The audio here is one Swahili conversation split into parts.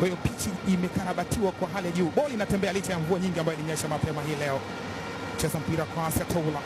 Kwa hiyo pichi imekarabatiwa kwa hali ya juu, boli inatembea licha ya mvua nyingi ambayo ilinyesha mapema hii leo. Cheza mpira kwa Asatola,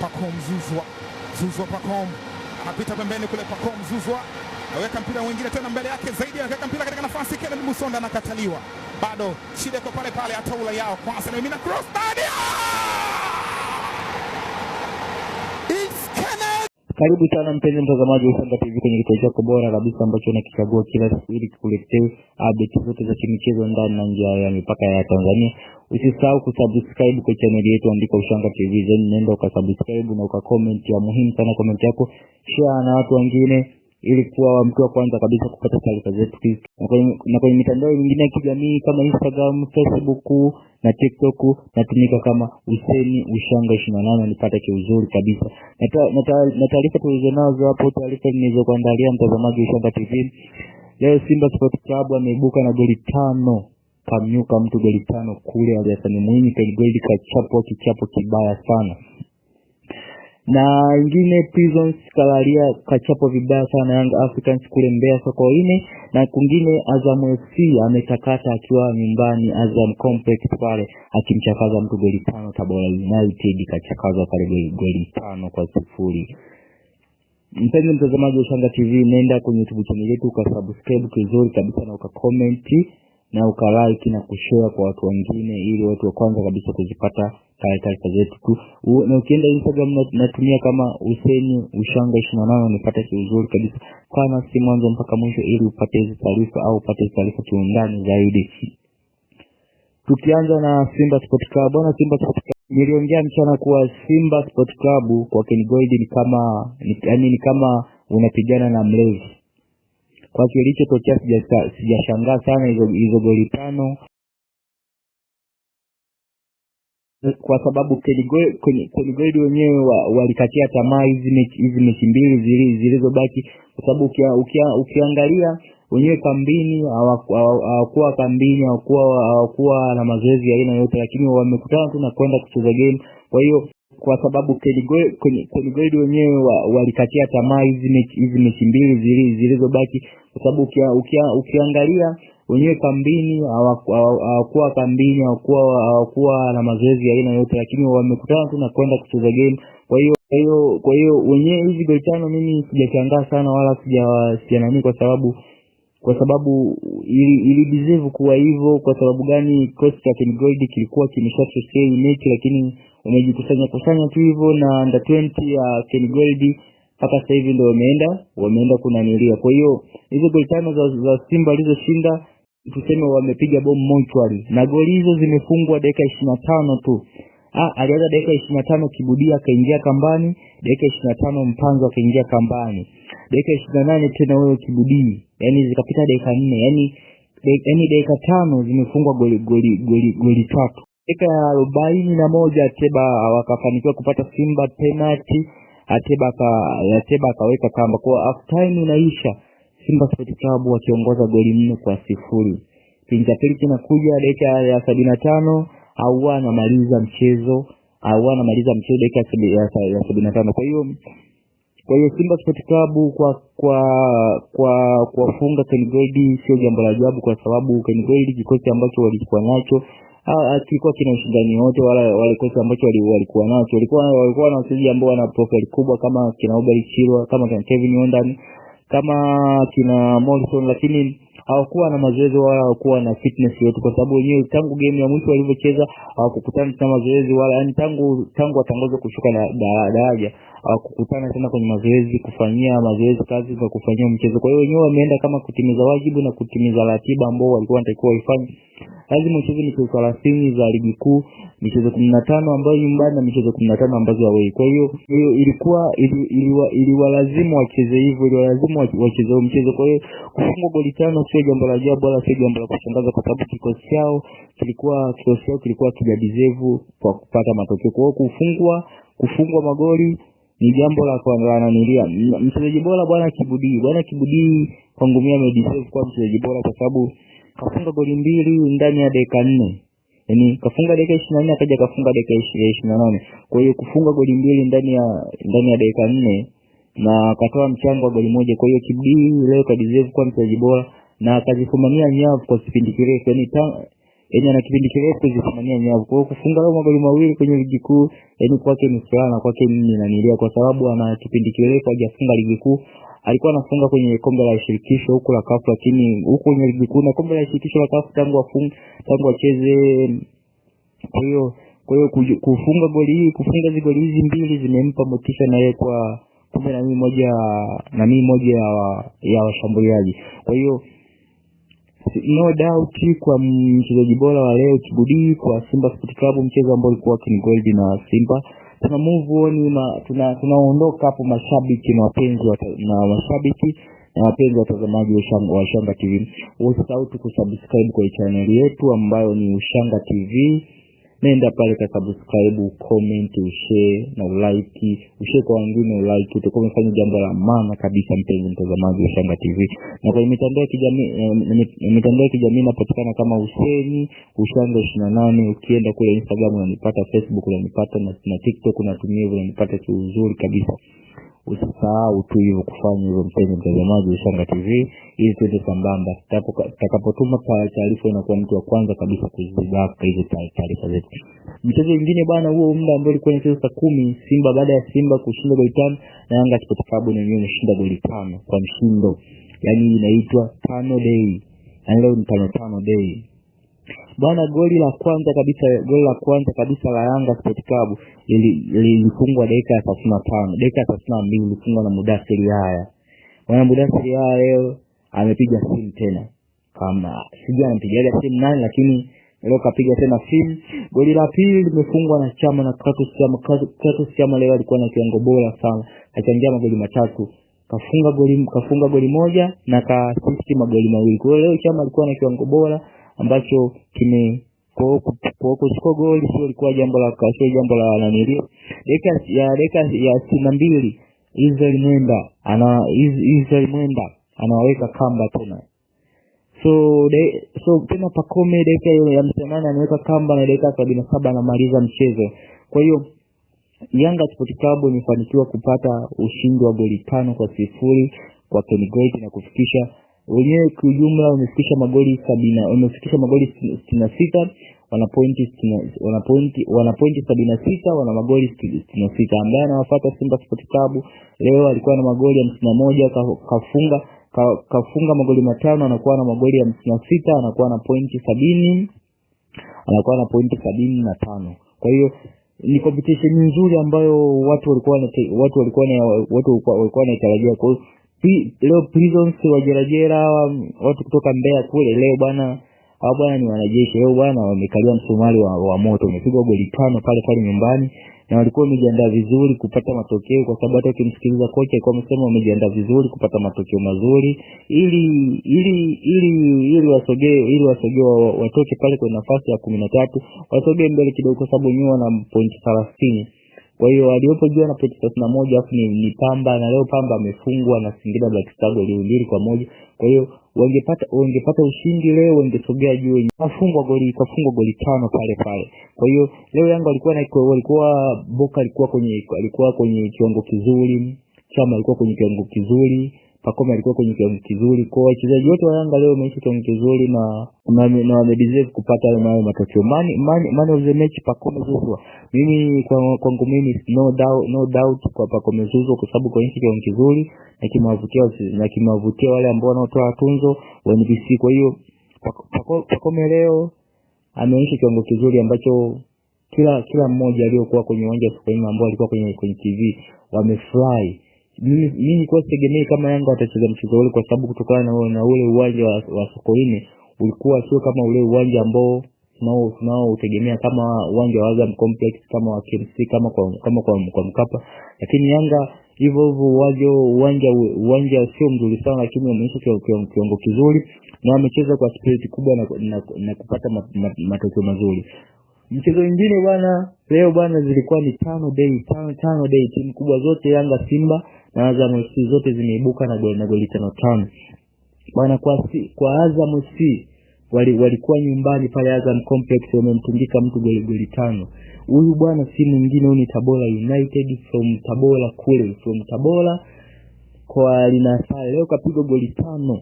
Pacom Zuzwa, Zuzwa Pacom anapita pembeni kule, Pacom Zuzwa aweka mpira mwingine tena mbele yake zaidi, anaweka mpira katika nafasi, Kennedy Musonda anakataliwa, bado shida iko pale pale. Ataula yao kwanza na mimi na cross ndani karibu sana mpenzi mtazamaji wa Usanda TV kwenye kituo chako bora kabisa ambacho unakichagua kila siku ili kikuletee update zote za kimichezo ndani na nje ya mipaka ya Tanzania. Usisahau kusubscribe kwa channel yetu, andika Ushanga TV, then nenda ukasubscribe na ukacomment ya muhimu sana, comment yako share na watu wengine ili kuwa mtu wa kwanza kabisa kupata taarifa zetu na kwenye mitandao mingine ya kijamii kama Instagram, Facebook na TikTok natumika kama useni Ushanga ishiri na nane nipate kiuzuri kabisa na taarifa tulizonazo hapo, taarifa nilizokuandalia mtazamaji Ushanga TV. Leo Simba sport Club ameibuka na goli tano kamnyuka mtu goli tano kule Aliasani Mwinyi, goli kachapo kichapo kibaya sana na ingine Prisons kalaria kachapo vibaya sana Young Africans kule Mbeya Sokoine, na kwingine Azam FC ametakata akiwa nyumbani Azam Complex pale akimchakaza mtu goli tano. Tabora United kachakazwa pale goli tano kwa sifuri. Mpenzi mtazamaji wa shanga TV, nenda kwenye YouTube channel yetu ukasubscribe kizuri kabisa na ukakomenti na ukalike na kushare kwa watu wengine, ili watu wa kwanza kabisa kuzipata zetu tu na ukienda Instagram natumia kama useni Ushanga 28 unapata kiuzuri kabisa kama si mwanzo mpaka mwisho, ili upate hizi taarifa au upate taarifa kiundani zaidi. Tukianza na Simba Sport Club, bwana Simba Sport Club niliongea mchana kuwa Simba Sport Club kwa Ken ni kama yaani ni kama unapigana na mlezi Kwa kilichotokea sijashangaa sana hizo hizo goli tano kwa sababu Keligodi wenyewe walikatia tamaa hizi mechi mbili zilizobaki, kwa sababu ukia, ukia, ukiangalia wenyewe kambini hawakuwa kambini hawakuwa na mazoezi ya aina yote, lakini wamekutana tu na kwenda kucheza game. Kwa hiyo kwa sababu Keligodi wenyewe walikatia tamaa hizi mechi mbili zilizobaki, kwa sababu ukia, ukia, ukiangalia wenyewe kambini hawakuwa kambini, hawakuwa hawakuwa na mazoezi ya aina yote, lakini wamekutana tu na kwenda kucheza game. Kwa hiyo kwa hiyo kwa hiyo wenyewe hizi goli tano mimi sijashangaa sana wala sija nani, kwa sababu kwa sababu ili, ili deserve kuwa hivyo. Kwa sababu gani? Costa Kingold kilikuwa kimeshatokea mechi, lakini umejikusanya kusanya tu hivyo na under 20 ya Kingold mpaka sasa hivi ndio wameenda wameenda kunanilia. Kwa hiyo hizo goli tano za, za Simba alizoshinda tuseme wamepiga bomu mochwari na goli hizo zimefungwa dakika ishirini tano tu Ah, alianza dakika ishirini tano Kibudia akaingia kambani, dakika ishirini tano Mpanzo akaingia kambani, dakika ishirini nane tena wewe Kibudii, yani zikapita dakika nne yani yaani dakika tano zimefungwa goli goli goli goli tatu. Dakika ya arobaini na moja Ateba wakafanikiwa kupata Simba penalti, Ateba akaweka kamba kwa half time unaisha Simba Sports Club wakiongoza goli nne kwa sifuri. Kipindi cha pili kinakuja dakika ya sabini na tano au anamaliza mchezo au anamaliza mchezo dakika ya sabini na tano. Kwa hiyo kwa hiyo Simba Sports Club kwa kwa kwa kuwafunga KenGold sio jambo la ajabu, kwa sababu KenGold kikosi ambacho walikuwa nacho kilikuwa kina ushindani wote, wala wale kosi ambacho walikuwa nacho walikuwa walikuwa na wachezaji ambao wana profile kubwa kama kina Obel Chirwa kama kina Kevin Ondan kama kina Morrison, lakini hawakuwa na mazoezi wala hawakuwa na fitness yote, kwa sababu wenyewe tangu game ya mwisho walivyocheza hawakukutana na mazoezi wala yani, tangu tangu watangazwe kushuka na daraja Uh, kukutana tena kwenye mazoezi kufanyia mazoezi kazi za kufanyia mchezo. Kwa hiyo wenyewe wameenda kama kutimiza wajibu na kutimiza ratiba ambao walikuwa wanatakiwa waifanye. Lazima ucheze michezo thelathini za ligi kuu, michezo kumi na tano ambayo nyumbani na michezo kumi na tano ambazo awei. Kwa hiyo hiyo ilikuwa iliwalazimu wacheze hivyo, iliwalazimu wacheze huo mchezo. Kwa hiyo kufungwa goli tano sio jambo la ajabu wala sio jambo la kushangaza, kwa sababu kikosi chao kilikuwa kikosi chao kilikuwa kijadizevu kwa kupata matokeo. Kwa hiyo kufungwa kufungwa magoli ni jambo la kuanganilia mchezaji bora bwana Kibudii. Bwana Kibudii kwangu mimi amedeserve mchezaji bora kwa sababu kafunga goli mbili ndani ya dakika nne yani kafunga dakika ishirini na nne akaja kafunga dakika ishirini na nane Kwa hiyo kufunga goli mbili ndani ya ndani ya dakika nne na akatoa mchango wa goli moja. Kwa hiyo Kibudii leo kadeserve kuwa mchezaji bora na akazifumania nyavu kwa kipindi kirefu yani yani ana kipindi kirefu kuzisimamia nyavu. Kwa hiyo kufunga leo magoli mawili kwenye ligi kuu yani kwake ni furaha na kwake ni nanilia, kwa sababu ana kipindi kirefu hajafunga ligi kuu. Alikuwa anafunga kwenye kombe la shirikisho huko la kafu lakini huko kwenye ligi kuu na kombe la shirikisho la kafu tangu afunge tangu acheze. Kwa hiyo kwa hiyo kufunga goli hii kufunga hizi goli hizi mbili zimempa motisha na yeye kwa kumbe na mimi moja na mimi moja ya washambuliaji. Kwa hiyo no doubt kwa mchezaji bora wa leo Kibudi kwa Simba Sport Club, mchezo ambao ulikuwa ni goldi na Simba. Tuna move on na tuna tunaondoka hapo, mashabiki na wapenzi na mashabiki na wapenzi wa watazamaji wa Ushanga TV, usisahau kusubscribe kwa chaneli yetu ambayo ni Ushanga TV nenda pale ukasubscribe ucomment ushee na ulike ushee kwa wengine ulike utakuwa umefanya jambo la maana kabisa mpenzi mtazamaji wa shanga tv na kwenye mitandao ya kijamii eh, mitandao ya kijamii inapatikana kama useni ushanga ishiri na nane ukienda kule instagram unanipata facebook unanipata na, tiktok unatumia unanipata kiuzuri kabisa usisahau tu hivyo kufanya hivyo, mpenzi mtazamaji wa Ushanga TV, ili tuende sambamba. Tutakapotuma taarifa, inakuwa mtu wa kwanza kabisa kuzibaka hizo taarifa zetu. Mchezo wingine bwana, huo muda ambao ulikuwa ni saa kumi, Simba baada ya Simba kushinda goli tano na Yanga Sports Club imeshinda goli tano kwa mshindo, yani inaitwa tano dei yani leo ni tano tano dei Bwana, goli la kwanza kabisa goli la kwanza kabisa la Yanga Sport Club lilifungwa dakika ya thelathini na tano dakika ya thelathini na mbili ilifungwa na Mudasiri haya bwana. Mudasiri haya leo amepiga simu tena, kama sijui anampigaga simu nani, lakini leo kapiga tena simu. Goli la pili limefungwa na Chama na Clatous Chama. Clatous Chama leo alikuwa na kiwango bora sana, achangia magoli matatu kafunga goli kafunga goli moja na kaasisti magoli mawili. Kwa hiyo leo Chama alikuwa na kiwango bora ambacho kime kwa kuchukua goli sio ilikuwa jambo la sio jambo la nanili dakika ya dakika ya sitini na mbili Israel Mwenda ana Israel Mwenda anaweka kamba tena so de, so tena Pakome dakika hiyo ya hamsini anaweka kamba na dakika sabini na saba anamaliza mchezo. Kwa hiyo Yanga sport Club imefanikiwa kupata ushindi wa goli tano kwa sifuri kwa Kengold na kufikisha wenyewe kiujumla wamefikisha magoli sabina wamefikisha magoli sitini na sita wana pointi sabini na sita wana magoli sitini na sita ambaye anawafata Simba Sports leo alikuwa na magoli hamsini na moja kafunga ka, kafunga magoli matano anakuwa na magoli hamsini na sita anakuwa na pointi sabini anakuwa na pointi sabini na tano kwa hiyo ni competition nzuri ambayo watu walikuwa watu walikuwa watu walikuwa wanaitarajia. Kwa hiyo leo prisons wajerajera hawa watu kutoka mbea kule leo bwana hawa bwana ni wanajeshi leo bwana wamekalia msumari wa, wa moto wamepigwa goli tano pale pale nyumbani na walikuwa wamejiandaa vizuri kupata matokeo kwa sababu hata ukimsikiliza kocha alikuwa amesema wamejiandaa vizuri kupata matokeo mazuri ili ili ili ili wasogee ili wasogee watoke pale kwenye nafasi ya kumi na tatu wasogee mbele kidogo kwa sababu wenyewe wana pointi thelathini kwa hiyo waliopo juu na pointi thelathini na moja alafu ni, ni Pamba na leo Pamba amefungwa na Singida Black star goli mbili kwa moja. Kwa hiyo wangepata wangepata ushindi leo wangesogea juu. Kafungwa goli ikafungwa goli tano pale pale. Kwa hiyo leo Yanga walikuwa na walikuwa Boka alikuwa kwenye alikuwa kwenye kiwango kizuri, Chama alikuwa kwenye kiwango kizuri, Pacome alikuwa kwenye kiwango kizuri, kwa wachezaji wote wa Yanga leo wameisha kiwango kizuri na na, na wamedeserve kupata hayo nayo matokeo. Man, man, man of the match Pacome zuzwa Mimi kwangu kwa mimi no doubt, no doubt kwa Pacome zuzwa kwa sababu kwa nchi kiwango kizuri na kimewavutia na kimewavutia wale ambao wanaotoa tunzo wa NBC. Kwa hiyo Pacome leo ameonyesha kiwango kizuri ambacho kila kila mmoja aliyokuwa kwenye uwanja wa Sokoine ambao alikuwa kwenye kwenye TV wamefurahi mimi mimi nilikuwa sitegemei kama Yanga watacheza mchezo ule, kwa sababu kutokana na na ule uwanja wa, wa Sokoine ulikuwa sio kama ule uwanja ambao tunao tunao utegemea kama uwanja wa Azam Complex kama wa KMC kama kwa kama kwa, kwa Mkapa, lakini Yanga hivyo hivyo uwanja uwanja uwanja sio mzuri sana, lakini wameonyesha kiwango kizuri na wamecheza kwa spirit kubwa na, na, na kupata matokeo mazuri. Mchezo mwingine bwana, leo bwana, zilikuwa ni tano day tano tano day, timu kubwa zote Yanga, Simba na Azam FC zote zimeibuka na goli na goli tano tano bwana. Kwa, kwa Azam FC wali, walikuwa nyumbani pale Azam Complex wamemtungika mtu goli goli tano. Huyu bwana si mwingine, huyu ni Tabora United from Tabora kule from Tabora kwa linasa leo kapigwa goli tano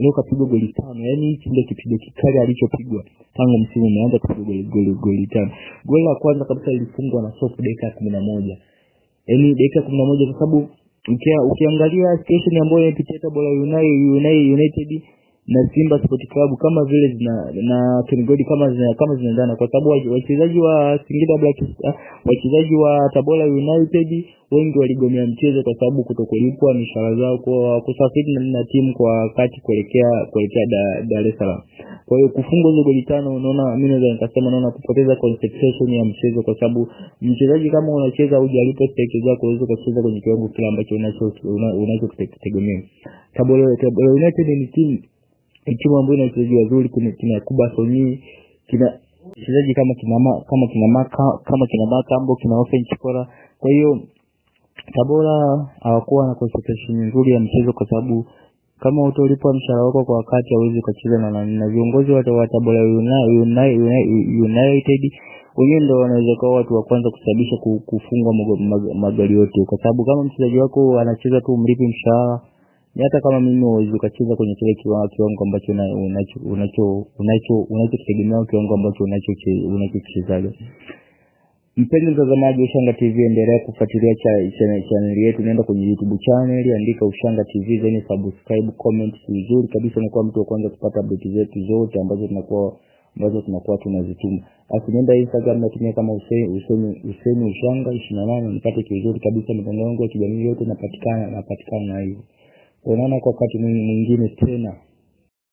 leo kapigwa goli tano yani hichi ndio kipigo kikali alichopigwa tangu msimu umeanza kupigwa goli goli goli tano goli la kwanza kabisa lilifungwa na sofu dakika ya kumi na moja yani dakika kumi na moja kwa sababu ukiangalia situation ambayo inapitia hata United United na Simba Sport Club kama vile zina na Kengodi kama zina kama zinaendana, kwa sababu wachezaji wa Singida Black Stars, ah, wachezaji wa Tabora United wengi waligomea mchezo kwa sababu kutokulipwa mishahara zao kwa kusafiri na, na timu kwa wakati kuelekea kuelekea Dar es Salaam. Kwa hiyo kufungwa hizo goli tano, unaona, mimi naweza nikasema naona kupoteza concentration ya mchezo, kwa sababu mchezaji kama unacheza hujalipa stake zako, uweze kucheza kwenye kiwango kile ambacho unacho unachokitegemea. Tabora United ni timu ni timu ambayo ina wachezaji wazuri kuna kina kubasoni kina wachezaji kama kina kama kina maka kama kina makambo kina ofen chikora kwa hiyo tabora hawakuwa na concentration nzuri ya mchezo kwa sababu kama utolipwa mshahara wako kwa wakati hauwezi ukacheza na nani na viongozi wa tabora united wenyewe ndo wanaweza kuwa watu wa kwanza kusababisha kufungwa magari yote kwa sababu kama mchezaji wako anacheza tu mlipi mshahara ni hata kama mimi uwezi ukacheza kwenye kile kiwango ambacho unachokitegemea kiwango ambacho unachokichezaga mpenzi mtazamaji ushanga tv endelea kufuatilia cha chaneli yetu naenda kwenye youtube channel andika ushanga tv zeni subscribe comment vizuri kabisa unakuwa mtu wa kwanza kupata update zetu zote ambazo tunakuwa ambazo tunakuwa tunazituma basi nenda instagram natumia kama usemi ushanga ishirini na nane nipate kizuri kabisa mitandao yangu ya kijamii yote napatikana napatikana na hivyo unaona kwa wakati mwingine tena